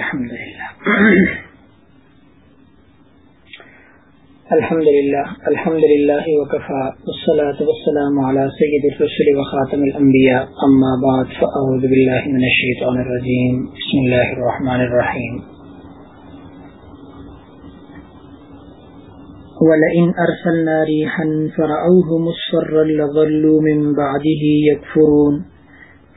الحمد لله الحمد لله الحمد لله وكفى والصلاة والسلام على سيد الرسل وخاتم الأنبياء أما بعد فأعوذ بالله من الشيطان الرجيم بسم الله الرحمن الرحيم ولئن أرسلنا ريحا فرأوه مصفرا لظلوا من بعده يكفرون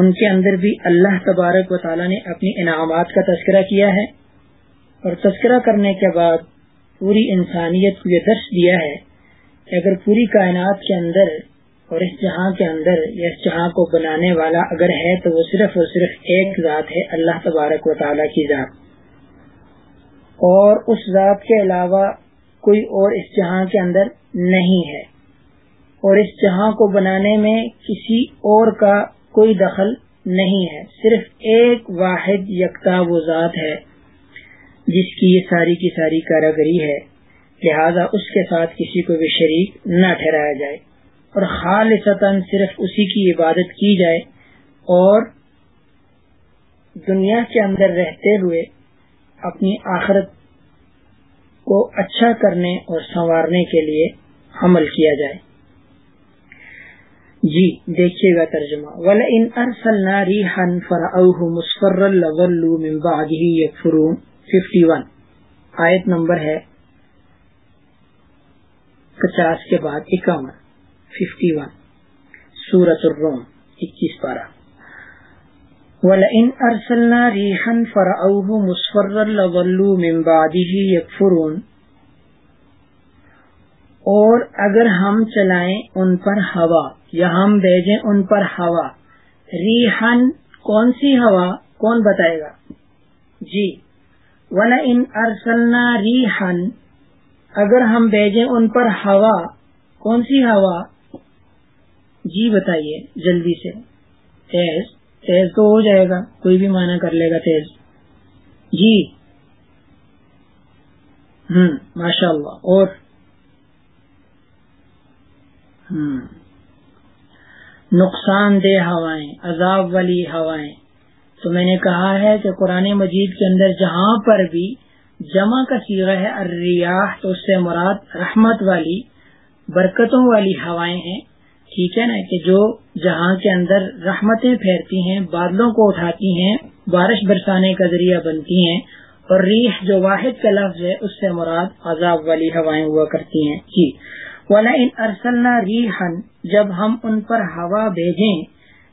ان کے اندر بھی اللہ تبارک و تعالیٰ نے اپنی انعامات کا تذکرہ کیا ہے اور تذکرہ کرنے کے بعد پوری انسانیت کو یہ دیا ہے کہ اگر پوری کائنات کے اندر اندر اور اس اس جہاں جہاں کے یا کو بنانے والا اگر ہے تو وہ صرف ایک ذات ہے اللہ تبارک و تعالیٰ کی ذات اور اس ذات کے علاوہ کوئی اور اس جہاں کے اندر نہیں ہے اور اس جہاں کو بنانے میں کسی اور کا کوئی دخل نہیں ہے صرف ایک واحد یکتا ذات ہے جس کی یہ ساری کی ساری کاراگری ہے لہذا اس کے ساتھ کسی کو بھی شریک نہ ٹھہرایا جائے اور خالصتاً صرف اسی کی عبادت کی جائے اور دنیا کے اندر رہتے ہوئے اپنی آخرت کو اچھا کرنے اور سنوارنے کے لیے عمل کیا جائے جی دیکھیے گا ترجمہ ولا ريحا فرعوه مصفرا لظلوا من بعده ففٹی ون آیت نمبر ہے پچاس کے بعد اکاون ففٹی ون الروم 21 اکیس بارہ ان ارسلنا ریحا ہن مصفرا مسفر من بعده یکفرون اور اگر ہم چلائیں ان پر ہوا یا ہم بھیجیں ان پر ہوا ریحن کون سی ہوا کون بتائے گا جی ون بھیجیں ان پر ہوا کون سی ہوا جی بتائیے جلدی سے تیز تیز تو ہو جائے گا کوئی بھی مانا کر لے گا تیز جی ہوں ماشاء اللہ اور نقصان دہ ہوائیں عذاب والی ہوائیں تو میں نے کہا ہے کہ قرآن مجید کے اندر جہاں پر بھی جمع کا سیڑھا ہے الریاح تو اس سے مراد رحمت والی برکتوں والی ہوائیں ہیں ٹھیک ہے نا کہ جو جہاں کے اندر رحمتیں پھیرتی ہیں بادلوں کو اٹھاتی ہیں بارش برسانے کا ذریعہ بنتی ہیں اور ریح جو واحد کا لفظ ہے اس سے مراد عذاب والی ہوائیں ہوا کرتی ہیں جی ان جب ہم ان پر ہوا بھیجیں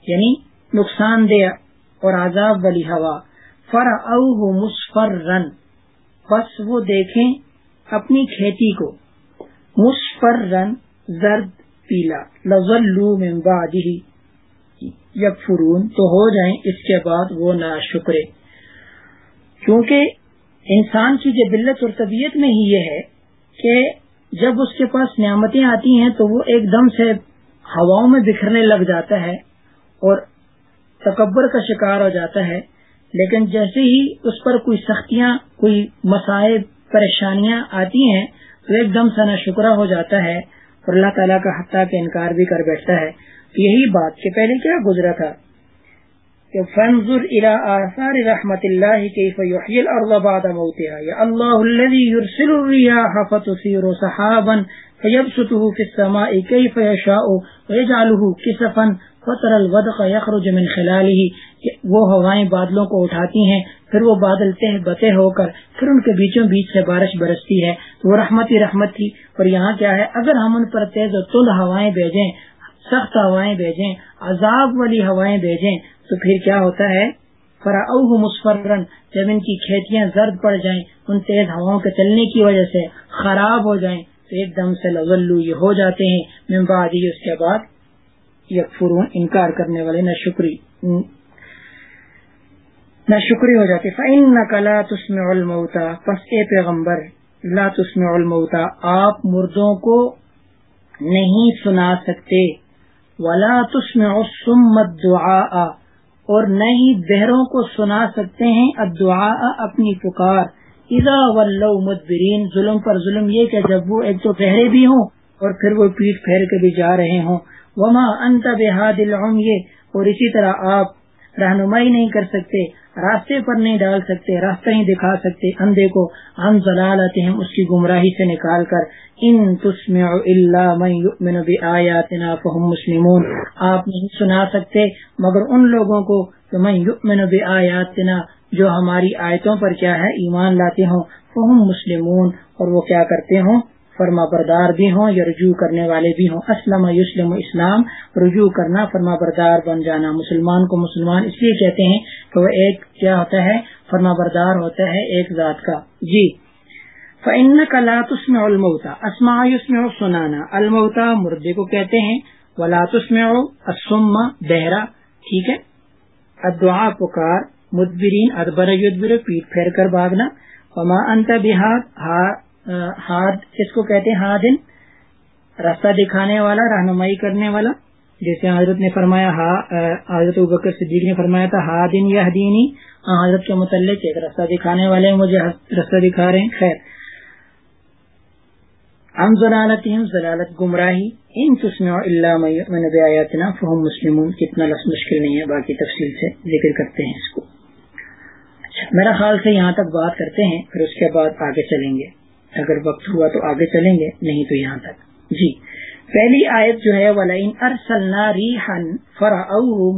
یعنی نقصان دہ اور عذاب والی ہوا فر مسفر رن بس وہ دیکھیں اپنی کھیتی کو مسفر رن زرد پیلا لزلو بعدہ جب فرون تو ہو جائیں اس کے بعد وہ نہ شکرے کیونکہ انسان کی جو بلت اور طبیعت میں ہی یہ ہے کہ جب اس کے پاس نعمتیں آتی ہیں تو وہ ایک دم سے ہواؤں میں بکھرنے لگ جاتا ہے اور تکبر کا شکار ہو جاتا ہے لیکن جیسے ہی اس پر کوئی سختیاں کوئی مسائل پریشانیاں آتی ہیں تو ایک دم سے شکرا ہو جاتا ہے اور اللہ تعالیٰ کا حتیٰ کا انکار بھی کر بیٹھتا ہے یہی بات کہ پہلے کیا گزرا تھا کہ فنزر الی آثار رحمت اللہ کیف یحیی الارض بعد موتها یا اللہ الذي يرسل الرياح فتصير صحابا فيبسطه في السماء كيف يشاء ويجعله كسفا فتر الودق يخرج من خلاله وہ ہوائیں بادلوں کو اٹھاتی ہیں پھر وہ بادل تہ بتے ہو کر پھر ان کے بیچوں بیچ سے بارش برستی ہے تو وہ رحمت ہی رحمت تھی اور یہاں کیا ہے اگر ہم ان پر تیز و تند ہوائیں بھیجیں سخت ہوائیں بھیجیں عذاب والی ہوائیں بھیجیں تو پھر کیا ہوتا ہے فراؤ مسفرن جب ان کی کھیتیاں زرد پڑ جائیں ان تیز ہواؤں کے چلنے کی وجہ سے خراب ہو جائیں تو ایک دم سے لغلو یہ ہو جاتے ہیں بعد اس کے انکار کرنے والے نہ شکری شکری نہ ہو جاتے کلا تُس میں علم بس اے پیغمبر لا تسم علم آپ مردوں کو نہیں سنا سکتے ولا تس میں اور نہ ہی بہروں کو سنا سکتے ہیں اب دعا اپنی پکار ادا و مدبرین ظلم پر ظلم یہ کہ جب وہ ایک تو پہرے بھی ہوں اور پھر وہ پیٹ پھیر کے بھی جا رہے ہوں وہاں انت اسی طرح آپ رہنمائی نہیں کر سکتے راستے پر نہیں ڈال سکتے راستہ ہی دکھا سکتے اندھے کو ہم زلا لاتے ہیں اس کی گمراہی سے نکال کر ان تسم میں یبن نیاتنا فہم مسلم آپ سنا سکتے مگر ان لوگوں کو میں میں نبی جو ہماری آیتوں پر کیا ہے ایمان لاتے ہوں فم مسلمون اور وہ کیا کرتے ہوں فرما بردار بھی ہوں یا رجوع کرنے والے بھی ہوں اسلم اسلام رجوع کرنا فرما بردار بن جانا مسلمان کو مسلمان اس لیے کہتے ہیں تو وہ ایک کیا ہوتا ہے فرما بردار ہوتا ہے ایک ذات کا جی فن لاتس میں المتا اسمایوس میں ہو سنانا المتا مردے کو کہتے ہیں ولاس میں ہو بہرا ٹھیک ہے ادعا پکار مدبرین ادبر یدبر پیٹ پھیر کر بھاگنا انت کو کہتے ہیں ہادن رستہ دکھانے والا رہنمائی کرنے والا جیسے حضرت نے فرمایا حضرت بکر صدیق نے فرمایا تھا ہا دن یا دینی ہاں، حضرت کے متعلق ایک رستہ دکھانے والے مجھے رستہ دکھا رہے ہیں خیر ہم ضلالت ہیں ضلالت گمراہی ان تسمع اللہ میں نبی آیاتنا فہم مسلمون کتنا لفظ مشکل نہیں ہے باقی تفصیل سے ذکر کرتے ہیں اس کو اچھا، میرا خیال سے یہاں تک بات کرتے ہیں پھر اس کے بعد آگے چلیں گے اگر وقت ہوا تو آگے چلیں گے نہیں تو یہاں تک جی پہلی آیت جو ہے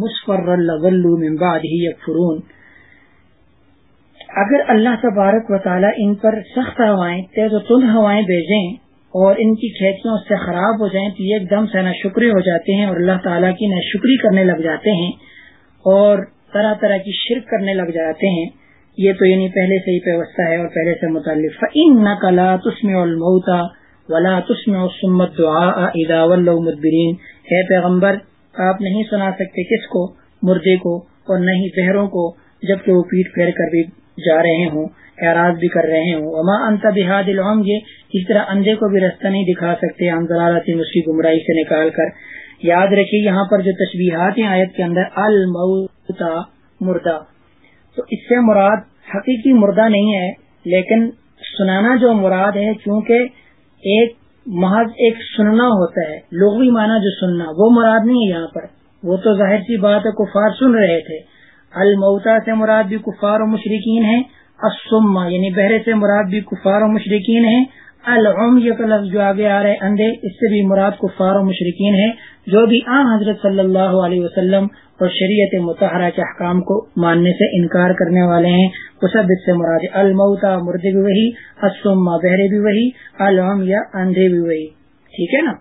مسفر فرون اگر اللہ تبارک و تعالیٰ ان پر سخت ہوائیں تیز و تند ہوائیں بھیجیں اور ان کی کھیتیوں سے خراب ہو جائیں تو یہ ایک دم سے نہ ہو جاتے ہیں اور اللہ تعالیٰ کی نہ کرنے لگ جاتے ہیں اور طرح طرح کی شرک کرنے لگ جاتے ہیں یہ تو یعنی پہلے سے ہی پیوستہ ہے اور پہلے سے متعلق متعلقہ ولا تسمع الصم الدعاء اذا ولوا مدبرين اے پیغمبر آپ نہیں سنا سکتے کس کو مردے کو اور نہیں زہروں کو جبکہ وہ پیٹ پھیر کر بھی جا رہے ہوں اعراض بھی کر رہے ہوں وما انت گے اس طرح اندھے کو بھی راستہ نہیں دکھا سکتے ہم ضلع گمراہی سے نکال کر یاد رکھیے یہاں پر جو تشبیہات ہیں آیت کے اندر الموتا مردہ تو اس سے مراد حقیقی مردہ نہیں ہے لیکن سنانا جو مراد ہے کیونکہ ایک محض ایک سننا ہوتا ہے لغوی معنی جو سننا وہ مراد نہیں ہے یہاں پر وہ تو ظاہر سی بات ہے کفار سن رہے تھے المتا سے مراد بھی کفار و مشرقین ہیں ہے یعنی بہرے سے مراد بھی کفار و مشرقین ہیں لفظ جو آگے آ رہے اندھے اس سے بھی مراد کو فارو مشرقین ہیں جو بھی عام حضرت صلی اللہ علیہ وسلم اور شریعت متحرہ کے حکام کو ماننے سے انکار کرنے والے ہیں وہ سب اس سے مراد المتا مردے بھی وہی اسما بہرے بھی وہی العم یا اندھے بھی وہی ٹھیک ہے نا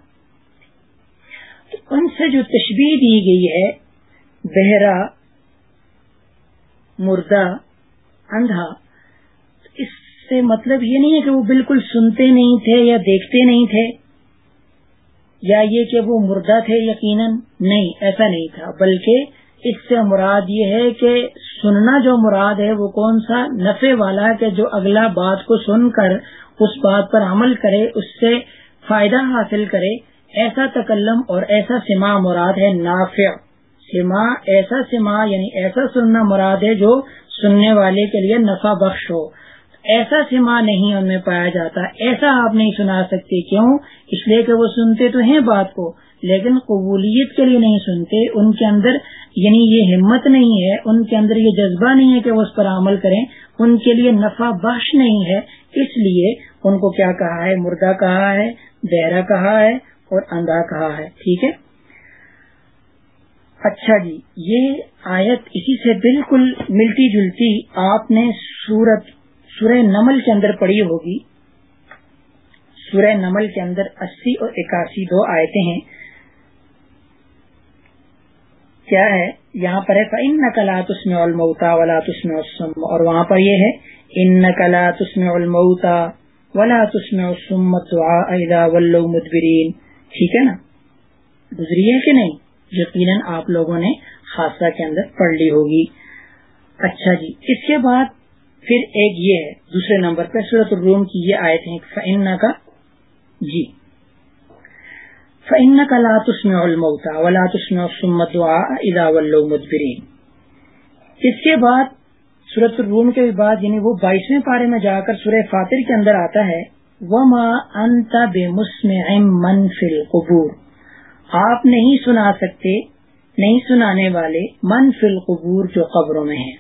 ان سے جو تشبیح دی گئی ہے بہرا مردہ اندھا سے مطلب یہ نہیں ہے کہ وہ بالکل سنتے نہیں تھے یا دیکھتے نہیں تھے یا یہ کہ وہ مردہ تھے یقیناً نہیں ایسا نہیں تھا بلکہ اس سے مراد یہ ہے کہ سننا جو مراد ہے وہ کون سا نفے والا کہ جو اگلا بات کو سن کر اس بات پر عمل کرے اس سے فائدہ حاصل کرے ایسا تکلم اور ایسا سما مراد ہے نافع سما ایسا سما یعنی ایسا سننا مراد ہے جو سننے والے کے لیے نفع بخش ہو ایسا سما نہیں ان میں پایا جاتا ایسا آپ نہیں سنا سکتے کیوں اس لیے کہ وہ سنتے تو ہیں بات کو لیکن قبولیت کے لیے نہیں سنتے ان کے اندر یعنی یہ ہمت نہیں ہے ان کے اندر یہ جذبہ نہیں ہے کہ وہ اس پر عمل کریں ان کے لیے نفع بخش نہیں ہے اس لیے ان کو کیا کہا ہے مردہ کہا ہے بہرا کہا ہے اور اندھا کہا ہے ٹھیک ہے اچھا جی یہ آیت اسی سے بالکل ملتی جلتی آپ نے سورت سورہ نمل کے اندر پڑی ہوگی سورہ نمل کے اندر اسی اور اکاسی دو آئے کیا ہے یہاں پر ہے ان نقلا تسمتا میں اور وہاں پر یہ ہے ان نقلا تسم الموتا ولاسم تو متبرین ٹھیک ہے نا گزری ہے کہ نہیں یقیناً آپ لوگوں نے خاصہ کے اندر پڑھ لی ہوگی اچھا جی اس کے بعد پھر ایک یہ دوسرے نمبر پہ سورت الروم کی یہ آئے تھے میں الموتا و ادا ودبرین اس کے بعد سورت الروم کے بعد یعنی وہ بائیسویں پارے میں جا کر سورہ فاتر کے اندر آتا ہے وہ ماں انتا من فل قبور آپ نہیں سنا سکتے نہیں سنانے والے من فل قبور جو قبروں میں ہیں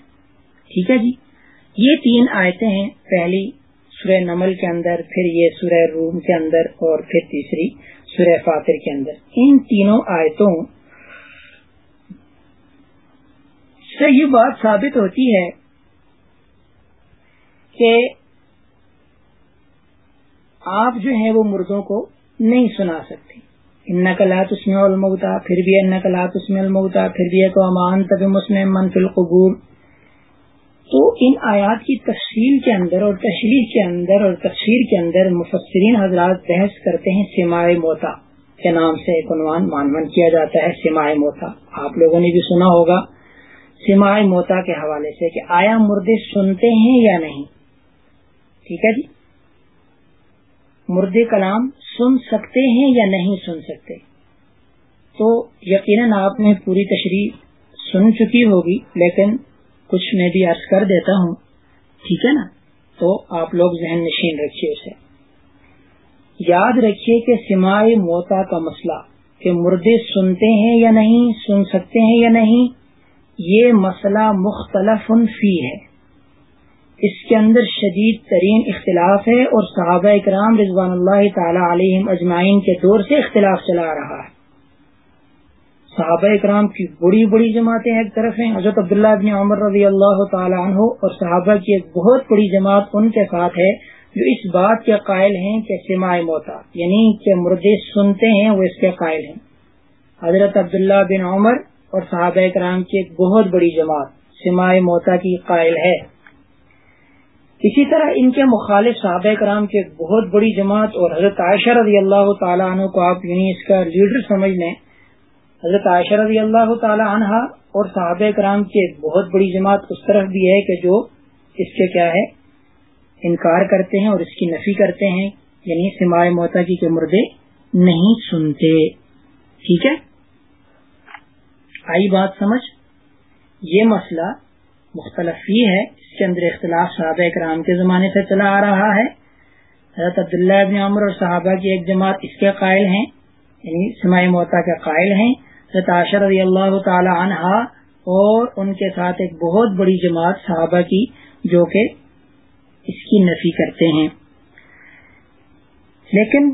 ٹھیک ہے جی یہ تین آیتیں ہیں پہلی سورہ نمل کے اندر پھر یہ سورہ روم کے اندر اور پھر تیسری سورہ فاتر کے اندر ان تینوں آیتوں سے یہ بات ثابت ہوتی ہے کہ آپ جو ہیں وہ مردوں کو نہیں سنا سکتے ان نقلات اس میں المگتا پھر بھی ان المتا پھر بھی تو امان تب منفی القبور تو ان آیات کی تفصیل کے اندر اور تشریح کے اندر اور تفسیر کے اندر مفسرین حضرات بحث کرتے ہیں سیما موتا کے نام سے ایک عنوان مانون کیا جاتا ہے سیما موتا آپ لوگوں نے بھی سنا ہوگا سیما موتا کے حوالے سے کہ آیا مردے سنتے ہیں یا نہیں ٹھیک ہے جی مردے کلام سن سکتے ہیں یا نہیں سن سکتے تو یقیناً آپ نے پوری تشریح سن چکی ہوگی لیکن کچھ میں بھی عرض کر دیتا ہوں ٹھیک ہے نا تو آپ لوگ ذہن نشین رکھیے اسے یاد رکھیے کہ سماعی موتا کا مسئلہ کہ مردے سنتے ہیں یا نہیں سن سکتے ہیں یا نہیں یہ مسئلہ مختلف فی ہے اس کے اندر شدید ترین اختلاف ہے اور صحابہ اکرام رضوان اللہ تعالی علیہم اجمائین کے دور سے اختلاف چلا رہا ہے صحابہ اکرام کی بڑی بڑی جماعتیں ایک طرف ہیں حضرت عبداللہ ابن عمر رضی اللہ تعالیٰ عنہ اور صحابہ کی ایک بہت بڑی جماعت ان کے ساتھ ہے جو اس بات کے قائل ہیں کہ سماع موتا یعنی کہ مردے سنتے ہیں وہ اس کے قائل ہیں حضرت عبداللہ بن عمر اور صحابہ کرام کی ایک بہت بڑی جماعت سماع موتا کی قائل ہے اسی طرح ان کے مخالف صحابہ کرام کی ایک بہت بڑی جماعت اور حضرت عائشہ رضی اللہ تعالیٰ عنہ کو آپ یعنی اس کا لیڈر سمجھ لیں حضرت عائشہ رضی اللہ تعالی عنہ اور صحابہ کرام کی ایک بہت بڑی جماعت اس طرف بھی ہے کہ جو اس کے کیا ہے انکار کرتے ہیں اور اس کی نفی کرتے ہیں یعنی سماع موتا کی کے مردے نہیں سنتے ٹھیک ہے آئی بات سمجھ یہ مسئلہ مختلف ہی ہے اس کے اندر اختلاف صحابہ کرام کے زمانے سے چلا آ رہا ہے حضرت عبداللہ ابن عمر اور صحابہ کی ایک جماعت اس کے قائل ہیں یعنی سماع موتا کے قائل ہیں ستاشر اللہ تعالی عنہا اور ان کے ساتھ ایک بہت بڑی جماعت صحابہ کی جو کہ اس کی نفی کرتے ہیں لیکن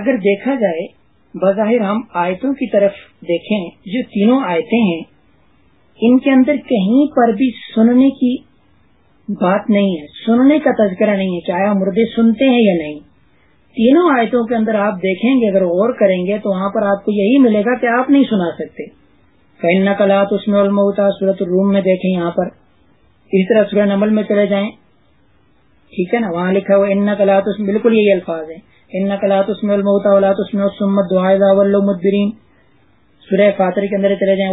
اگر دیکھا جائے بظاہر ہم آیتوں کی طرف دیکھیں جو تینوں آیتیں ہیں ان کے اندر کہیں پر بھی سننے کی بات نہیں ہے سننے کا تذکرہ نہیں ہے چاہے مردے سنتے ہیں یا نہیں تینوں آیتوں کے اندر آپ دیکھیں گے اگر غور کریں گے تو وہاں پر آپ کو یہی ملے گا کہ آپ نہیں سنا سکتے نقلات اس علم ہوتا سورت الروم میں دیکھیں یہاں پر اسی طرح سورہ نمل میں چلے جائیں ٹھیک ہے نا وہاں لکھا ہوا ان نقلات اس میں بالکل یہی الفاظ ہیں ان نقلات اس میں علم سورہ فاتر کے اندر چلے جائیں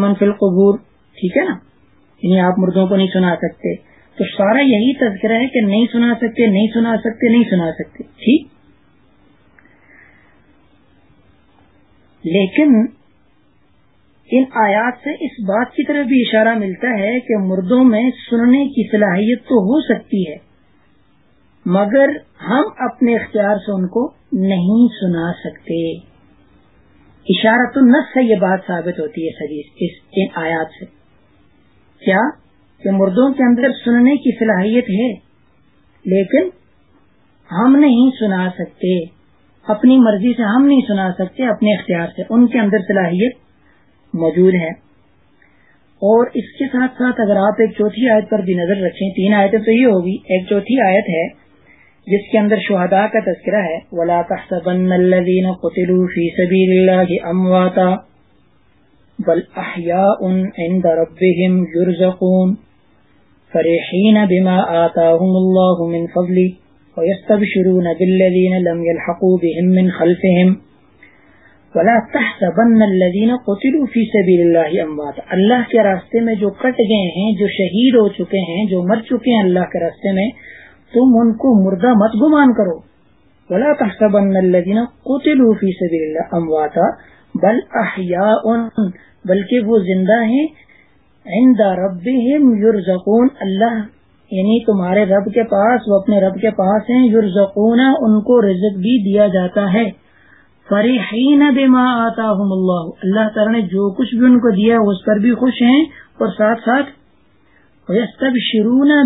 منفی قبور ٹھیک ہے نا انہیں یعنی آپ مردوں کو نہیں سنا سکتے تو سارا یہی تذکرہ ہے کہ نہیں سنا سکتے نہیں سنا سکتے نہیں سنا سکتے ٹھیک لیکن ان آیات سے اس بات کی طرف بھی اشارہ ملتا ہے کہ مردوں میں سننے کی صلاحیت تو ہو سکتی ہے مگر ہم اپنے اختیار سے ان کو نہیں سنا سکتے اشارہ تو نس سے یہ بات ثابت ہوتی ہے اس آیات سے کیا کہ مردوں کے اندر سننے کی صلاحیت ہے لیکن ہم نہیں سنا سکتے اپنی مرضی سے ہم نہیں سنا سکتے اپنے اختیار سے ان کے اندر صلاحیت موجود ہے اور اس کے ساتھ ساتھ اگر آپ ایک چوتھی آیت پر بھی نظر رکھیں تین آیتیں تو یہ ہوگی ایک چوتھی آیت ہے جس کے اندر شہداء کا تذکرہ ہے ولا فرحین بما آتاهم الله من فضل ويستبشرون بالذين لم يلحقوا بهم من خلفهم ولا تحسبن الذين قتلوا في سبيل الله اموات اللہ کے راستے میں جو کٹ گئے ہیں جو شہید ہو چکے ہیں جو مر چکے ہیں اللہ کے راستے میں تم ان کو مردہ مت گمان کرو ولا تحسبن الذين قتلوا في سبيل الله امواتا بل احياء بلکہ وہ زندہ ہیں عند ربهم یرزقون اللہ یعنی تمہارے رب کے پاس وہ اپنے رب کے پاس ہیں یرزقون ان کو رزق بھی دیا جاتا ہے فری بما ماں اللہ تعالی نے جو کچھ بھی ان کو دیا اس پر بھی خوش ہیں اور ساتھ ساتھ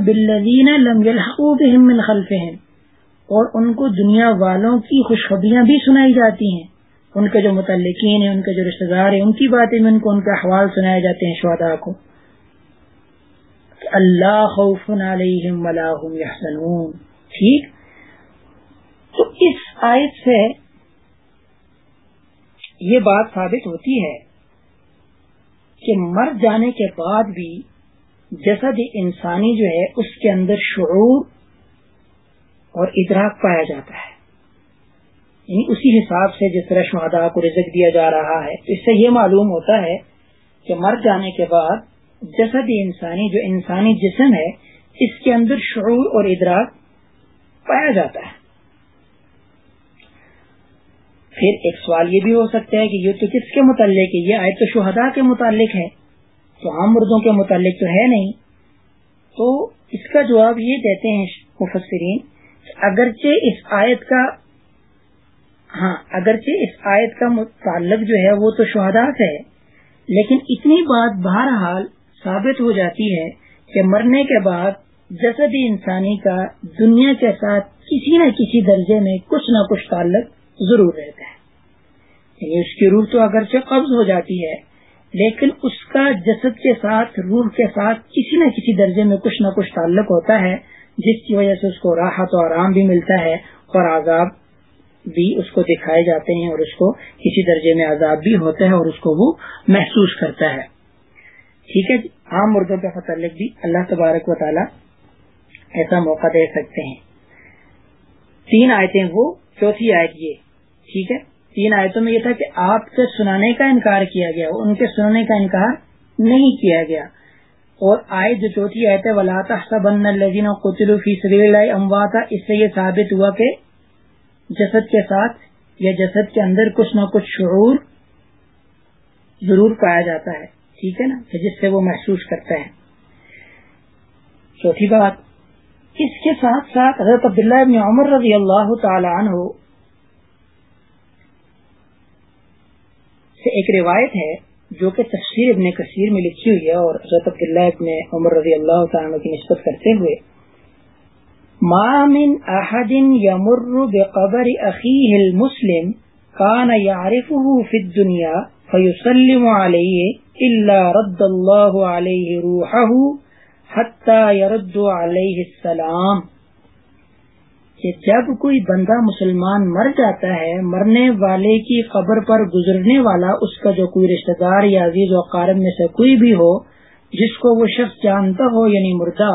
بالذین لم بلینا بهم من خلفهم اور ان کو دنیا والوں کی خوشخبریاں بھی سنائی جاتی ہیں ان کے جو متعلقین ہیں ان کے جو رشتے دار ہیں ان کی باتیں ان کو ان کا احوال سنائے جاتے ہیں شوادا کو اللہ خوف علیہم ولا هم ٹھیک تو اس آیت سے یہ بات ثابت ہوتی ہے کہ مر جانے کے بعد بھی جسد انسانی جو ہے اس کے اندر شعور اور ادراک پایا جاتا ہے یعنی اسی حساب سے جس طرح شہدا کو رزق دیا جا رہا ہے اس سے یہ معلوم ہوتا ہے کہ مر جانے کے بعد جسد انسانی جو انسانی جسم ہے اس کے اندر شعور اور ادراک پایا جاتا ہے پھر ایک سوال یہ بھی ہو سکتا ہے کہ یہ تو کس کے متعلق ہے یہ آئے تو شہدا کے متعلق ہے تو عام مردوں کے متعلق تو ہے نہیں تو اس کا جواب یہ دیتے ہیں مفسرین اگرچہ اس آیت کا ہاں اگرچہ اس آیت کا متعلق جو ہے وہ تو شہدا سے ہے لیکن اتنی بات بہرحال ثابت ہو جاتی ہے کہ مرنے کے بعد جسد انسانی کا دنیا کے ساتھ کسی نہ کسی درجے میں کچھ نہ کچھ تعلق ضرور رہتا ہے اس کی روح تو اگرچہ قبض ہو جاتی ہے لیکن اس کا جسد کے ساتھ روح کے ساتھ کسی نہ کسی درجے میں کچھ نہ کچھ تعلق ہوتا ہے جس کی وجہ سے اس کو راحت و آرام بھی ملتا ہے اور عذاب بھی اس کو دکھائے جاتے ہیں اور اس کو کسی درجے میں عذاب بھی ہوتا ہے اور اس کو وہ محسوس کرتا ہے ٹھیک ہے جی؟ عام مردوں کے متعلق بھی اللہ تبارک و تعالیٰ ایسا موقع دے سکتے ہیں تین آیتیں وہ چوتھی آیت یہ ٹھیک ہے تین آیتوں میں یہ تھا کہ آپ کے سنانے کا انکار کیا گیا ان کے سنانے کا انکار نہیں کیا گیا اور آئے جو چوتھی آئےتیں واتا فی سری فیصلے امواتا اس سے یہ ثابت ہوا کہ جسد کے ساتھ یا جسد کے اندر کچھ نہ کچھ شعور ضرور پایا جاتا ہے ٹھیک ہے نا جس سے وہ محسوس کرتا ہے چوتھی بات اس کے ساتھ ساتھ حضرت عبداللہ ابن عمر رضی اللہ تعالی عنہ سے ایک روایت ہے جو کہ تفسیر ابن کثیر میں لکھی ہوئی ہے اور حضرت عبداللہ ابن عمر رضی اللہ تعالیٰ عنہ کی نسبت کرتے ہوئے ما من احد يمر بقبر اخيه المسلم كان يعرفه في الدنيا فيسلم عليه الا رد اللہ علیہ روحہ حتی علیہ السلام کہ جب کوئی بندہ مسلمان مر جاتا ہے مرنے والے کی قبر پر گزرنے والا اس کا جو کوئی رشتہ دار یا عزیز و قارم میں سے کوئی بھی ہو جس کو وہ شخص جانتا ہو یعنی مردہ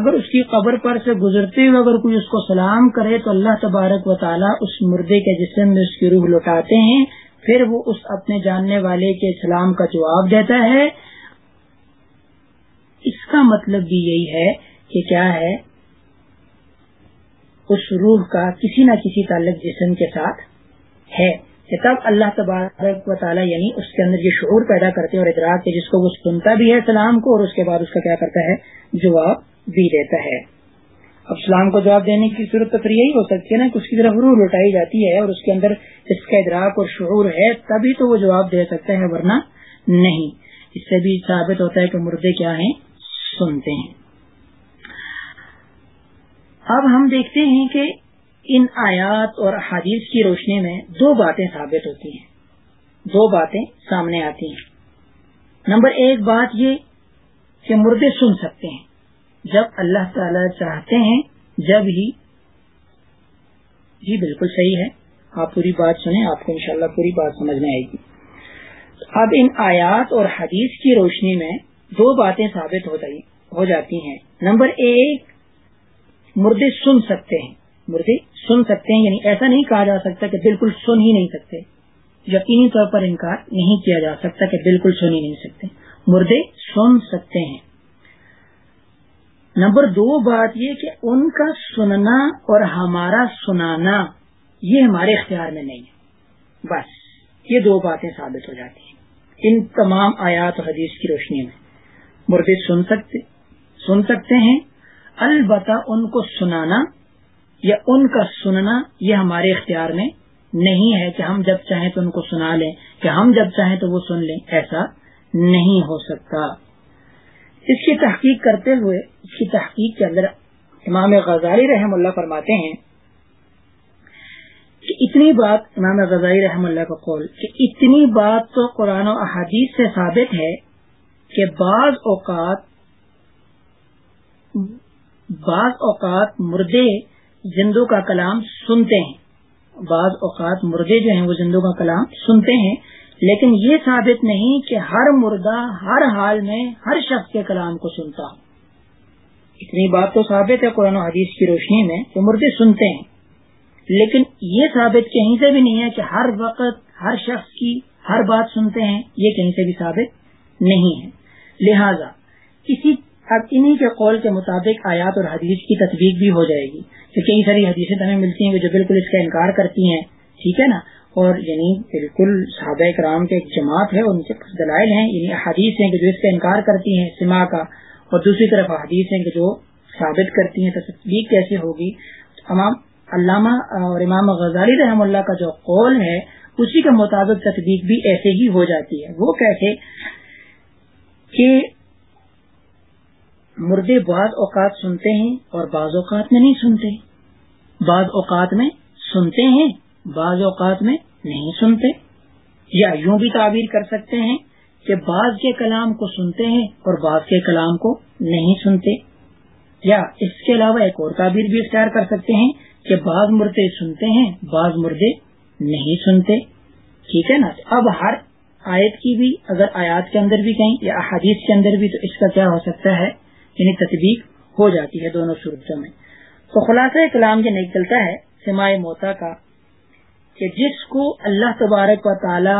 اگر اس کی قبر پر سے گزرتے ہوئے اگر کوئی اس کو سلام کرے تو اللہ تبارک و تعالیٰ اس مردے کے جسم میں اس کی روح لوٹاتے ہیں پھر وہ اس اپنے جاننے والے کے سلام کا جواب دیتا ہے اس کا مطلب بھی یہی ہے کہ کیا ہے اس روح کا کسی نہ کسی تعلق جسم کے ساتھ ہے کہ تب اللہ تبارک و تعالیٰ یعنی اس کے اندر یہ شعور پیدا کرتے ہیں اور ادراک جس کو وہ سنتا بھی ہے سلام کو اور اس کے بعد اس کا کیا کرتا ہے جواب بھی دیتا ہے اب سلام کو جواب دینے کی صورت تو پھر یہی ہو سکتی ہے نا کہ اس کی طرف روح لوٹائی جاتی ہے اور اس کے اندر اس کا ادراک اور شعور ہے تبھی تو وہ جواب دے سکتے ہیں ورنہ نہیں اس سے بھی ثابت ہوتا ہے کہ مردے کیا ہیں سنتے ہیں اب ہم دیکھتے ہیں کہ ان آیات اور حادیث کی روشنی میں دو باتیں ثابت ہوتی ہیں دو باتیں سامنے آتی ہیں نمبر ایک بات یہ کہ مردے سن سکتے ہیں جب اللہ تعالی چاہتے ہیں جب ہی جی بالکل صحیح ہے آپ پوری بات سنیں آپ کو انشاءاللہ پوری بات سمجھ میں آئے گی اب ان آیات اور حدیث کی روشنی میں دو باتیں ثابت ہو ہو جاتی ہیں نمبر ایک مردے سن سکتے ہیں مردے سن سکتے ہیں یعنی ایسا نہیں کہا جا سکتا کہ بالکل سن ہی نہیں سکتے یقینی طور پر انکار نہیں کیا جا سکتا کہ بالکل سن ہی نہیں سکتے مردے سن سکتے ہیں نمبر دو بات یہ کہ ان کا سننا اور ہمارا سنانا یہ ہمارے اختیار میں نہیں ہے بس یہ دو باتیں ثابت ہو جاتی ہیں ان تمام آیات و حدیث کی روشنی میں مرد سن سکتے ہیں البتہ ان کو سنانا یا ان کا سننا یہ ہمارے اختیار میں نہیں ہے کہ ہم جب چاہیں تو ان کو سنا لیں کہ ہم جب چاہیں تو وہ سن لیں ایسا نہیں ہو سکتا اس کی تحقیق کرتے ہوئے اس کی تحقیق کے اندر امام غزالی رحم اللہ فرماتے ہیں کہ اتنی بات امام غزالی رحم اللہ کا قول کہ اتنی بات تو قرآن و احادیث سے ثابت ہے کہ بعض اوقات بعض اوقات مردے زندوں کا کلام سنتے ہیں بعض اوقات مردے جو ہیں وہ زندوں کا کلام سنتے ہیں لیکن یہ ثابت نہیں کہ ہر مردہ ہر حال میں ہر شخص کے کلام کو سنتا اتنی بات تو ثابت ہے قرآن و حدیث کی روشنی میں کہ مردے سنتے ہیں لیکن یہ ثابت کہیں سے بھی نہیں ہے کہ ہر وقت ہر شخص کی ہر بات سنتے ہیں یہ کہیں سے بھی ثابت نہیں ہے لہذا کسی اب انہی کے قول کے مطابق آیات اور حدیث کی تصویر بھی ہو جائے گی کئی ساری حدیثیں ہمیں ملتی ہیں جو بالکل اس کا انکار کرتی ہیں ٹھیک ہے نا اور یعنی بالکل صحابہ کرام کے ایک جماعت ہے اور کے دلائل ہیں یعنی حدیث ہیں کہ جو اس کا انکار کرتی ہیں سما کا اور دوسری طرف احادیث ہیں کہ جو ثابت کرتی ہیں تو تصدیق کیسے ہوگی امام علامہ اور امام غزالی رحم اللہ کا جو قول ہے اسی کے مطابق تصدیق بھی ایسے ہی ہو جاتی ہے وہ کیسے کہ مردے بعض اوقات سنتے ہیں اور بعض اوقات میں نہیں سنتے بعض اوقات میں سنتے ہیں بعض اوقات میں نہیں سنتے یا یوں بھی تعبیر کر سکتے ہیں کہ بعض کے کلام کو سنتے ہیں اور بعض کے کلام کو نہیں سنتے یا اس کے علاوہ ایک اور تعبیر بھی اختیار کر سکتے ہیں کہ بعض مردے سنتے ہیں بعض مردے نہیں سنتے ٹھیک ہے نا اب ہر آیت کی بھی اگر آیات کے اندر بھی کہیں یا احادیث کے اندر بھی تو اس کا کیا ہو سکتا ہے یعنی تطبیق ہو جاتی ہے دونوں صورتوں میں تو خلاصہ کلام یہ نکلتا ہے سماع موتا کا کہ جس کو اللہ تبارک و تعالی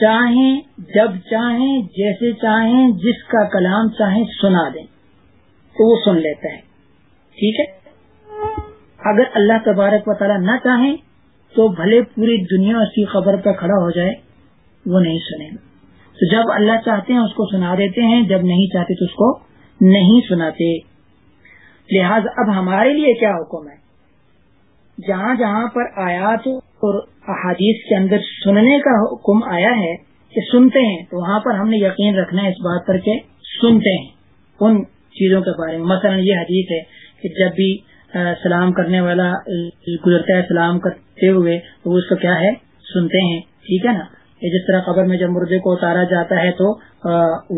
چاہیں جب چاہیں جیسے چاہیں جس کا کلام چاہیں سنا دیں تو وہ سن لیتا ہے ٹھیک ہے اگر اللہ تبارک و تعالی نہ چاہیں تو بھلے پوری دنیا اس کی خبر پر کھڑا ہو جائے وہ نہیں سنے گا تو جب اللہ چاہتے ہیں اس کو سنا دیتے ہیں جب نہیں چاہتے تو اس کو نہیں سناتے لہٰذا اب ہمارے لیے کیا حکم ہے جہاں جہاں پر آیات اور احادیث کے اندر سننے کا حکم آیا ہے کہ سنتے ہیں تو وہاں پر ہم نے یقین رکھنا ہے اس بات پر کہ سنتے ہیں ان چیزوں کے بارے میں مثلا یہ حدیث ہے کہ جب بھی سلام کرنے والا گزرتا ہے سلام کرتے ہوئے وہ اس کو کیا ہے سنتے ہیں ٹھیک ہے نا جس طرح قبر میں جب مردے کو اتارا جاتا ہے تو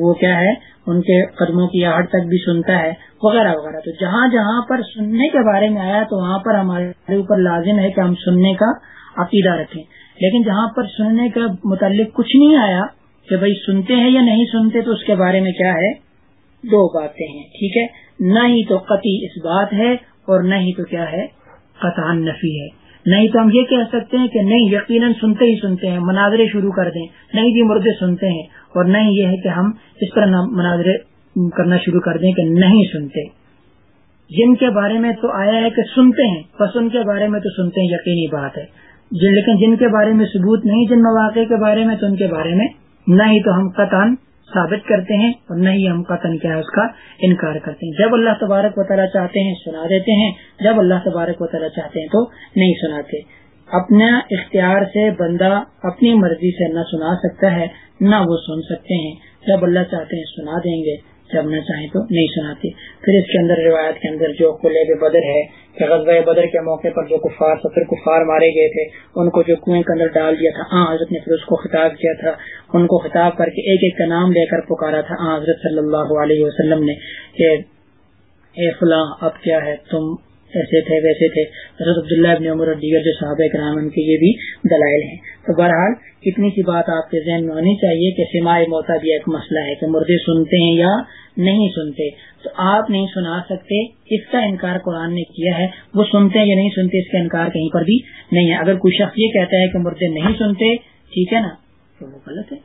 وہ کیا ہے ان کے قدموں کی آہٹ تک بھی سنتا ہے وغیرہ وغیرہ تو جہاں جہاں پر سننے کے بارے میں آیا تو وہاں پر ہمارے اوپر لازم ہے کہ ہم سننے کا عقیدہ رکھیں لیکن جہاں پر سننے کے متعلق کچھ نہیں آیا کہ بھائی سنتے ہیں یا نہیں سنتے تو اس کے بارے میں کیا ہے دو باتیں ہیں ٹھیک ہے نہ ہی تو قطعی اس بات ہے اور نہ ہی تو کیا ہے قطع نفی ہے نہیں تو ہم یہ کہہ سکتے ہیں کہ نہیں یقیناً سنتے ہی سنتے ہیں مناظرے شروع کر دیں نہیں جی مردے سنتے ہیں اور نہیں یہ ہے کہ ہم اس پر مناظرے کرنا شروع کر دیں کہ نہیں سنتے جن کے بارے میں تو آیا ہے کہ سنتے ہیں بس ان کے بارے میں تو سنتے ہیں یقینی بات ہے لیکن جن کے بارے میں ثبوت نہیں جن مواقع کے بارے میں تو ان کے بارے میں نہیں تو ہم قطن ثابت کرتے ہیں اور نہ ہی ہم قطن کیا ہے اس کا انکار کرتے ہیں جب اللہ تبارک و تعالیٰ چاہتے ہیں سنا دیتے ہیں جب اللہ تبارک و تعالیٰ چاہتے ہیں تو نہیں سناتے اپنا اختیار سے بندہ اپنی مرضی سے نہ سنا سکتا ہے نہ وہ سن سکتے ہیں جب اللہ چاہتے ہیں سنا دیں گے جب نہ چاہیں تو نہیں سناتی پھر اس کے اندر روایت کے اندر جو قلعے بدر ہے کہ بدر کے موقع پر جو کفار کفار مارے گئے تھے ان کو جو کنویں کے اندر ڈال دیا تھا آ حضرت نے پھر اس کو خطاب کیا تھا ان کو خطاب کر کے ایک ایک کا نام لے کر پکارا تھا حضرت صلی اللہ علیہ وسلم نے کہ اے فلاں اب کیا ہے تم ایسے تھے ویسے تھے حضرت عبداللہ ابن عمر اور دیگر جو صحابہ کرام ان کے یہ بھی دلائل ہیں تو بہرحال اتنی سی بات آپ کے ذہن میں ہونی چاہیے کہ سماع موتا بھی ایک مسئلہ ہے کہ مردے سنتے ہیں یا نہیں سنتے تو آپ نہیں سنا سکتے اس کا انکار قرآن نے کیا ہے وہ سنتے ہیں یا نہیں سنتے اس کا انکار کہیں پر بھی نہیں ہے اگر کوئی شخص یہ کہتا ہے کہ مردے نہیں سنتے ٹھیک ہے نا تو وہ غلط ہے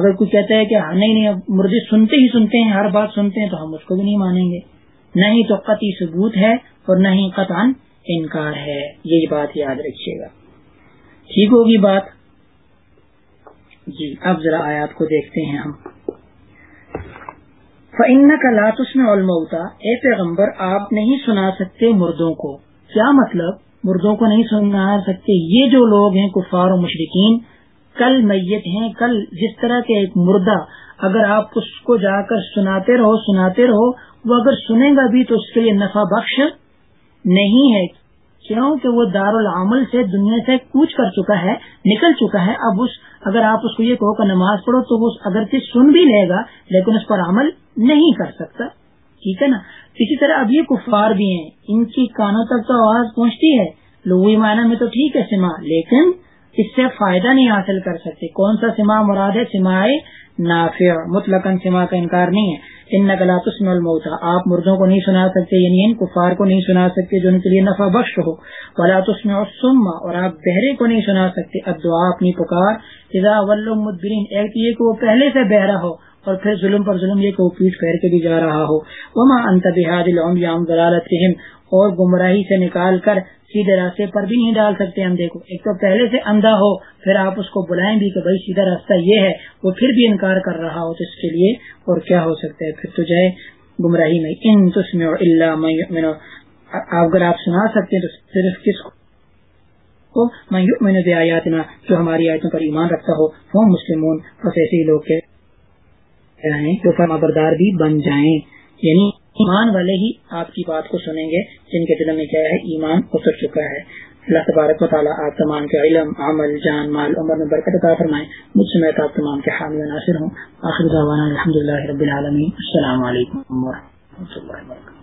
اگر کوئی کہتا ہے کہ ہاں، نہیں نہیں مردے سنتے ہی سنتے ہیں ہر بات سنتے ہیں تو ہم اس کو بھی نہیں مانیں گے نہ ہی تو قطعی ثبوت ہے اور نہ ہی قطع انکار ہے یہ بات یاد رکھیے گا ٹھیک ہوگی بات جی اب ذرا آیات کو دیکھتے ہیں ہم فن کا لاتس میں اے پیغمبر آپ نہیں سنا سکتے مردوں کو کیا مطلب مردوں کو نہیں سنا سکتے یہ جو لوگ ہیں کفار و مشرقین کل میت ہیں کل جس طرح کے ایک مردہ اگر آپ اس کو جا کر سناتے رہو سناتے رہو وہ اگر سنے گا بھی تو اس کے لیے نفع بخش نہیں ہے کیوں کہ وہ دار العمل سے دنیا سے کوچ کر چکا ہے نکل چکا ہے اب اس اگر آپ اس کو یہ کہو کہ نماز پڑھو تو وہ اگر کسی سن بھی لے گا لیکن اس پر عمل نہیں کر سکتا ٹھیک ہے نا اسی طرح اب یہ کفار بھی ہیں ان کی کانوں تک تو آواز پہنچتی ہے لوگ معنی میں تو ٹھیک ہے سما لیکن اس سے فائدہ نہیں حاصل کر سکتے کون سا سما مراد ہے سیمافر نافع مطلق سما کا انکار نہیں ہے ان نقلا تسم الموتا آپ مردوں کو نہیں سنا سکتے یعنی ان کفار کو نہیں سنا سکتے جو ان کے لیے نفع بخش ہو بلاط تسم اور سما اور آپ بہرے کو نہیں سنا سکتے اب دعا اپنی پکار یہ کہ وہ پہلے سے بہرا ہو اور پھر ظلم پر ظلم یہ کہ وہ پیٹ پھیر کے بھی جا رہا ہو وما انت بحاد یام ضلالتہم اور گمراہی سے نکال کر سیدھے راستے پر بھی نہیں ڈال سکتے اندھے کو ایک تو پہلے سے اندھا ہو پھر آپ اس کو بلائیں بھی کہ بھائی سیدھا راستہ یہ ہے وہ پھر بھی انکار کر رہا ہو تو اس کے لیے اور کیا ہو سکتا ہے پھر تو جائے گمراہی میں اگر آپ سنا سکتے ہیں تو صرف کس کو میں دیا یاتنا جو ہماری آیتوں پر ایمان رکھتا ہو وہ مسلمون ایسے ہی لوگ کے فرما بردار بھی بن جائیں یعنی ایمان والے ہی آپ کی بات کو سنیں گے جن کے دل میں کیا ہے ایمان اتر چکا ہے اللہ تبارک و تعالیٰ آپ تمام کے علم عمل جان مال عمر میں برکت عطا فرمائے مجھ سے تمام کے حامی ناصر ہوں آخر الحمد الحمدللہ رب العالمین السلام علیکم اللہ وبرکاتہ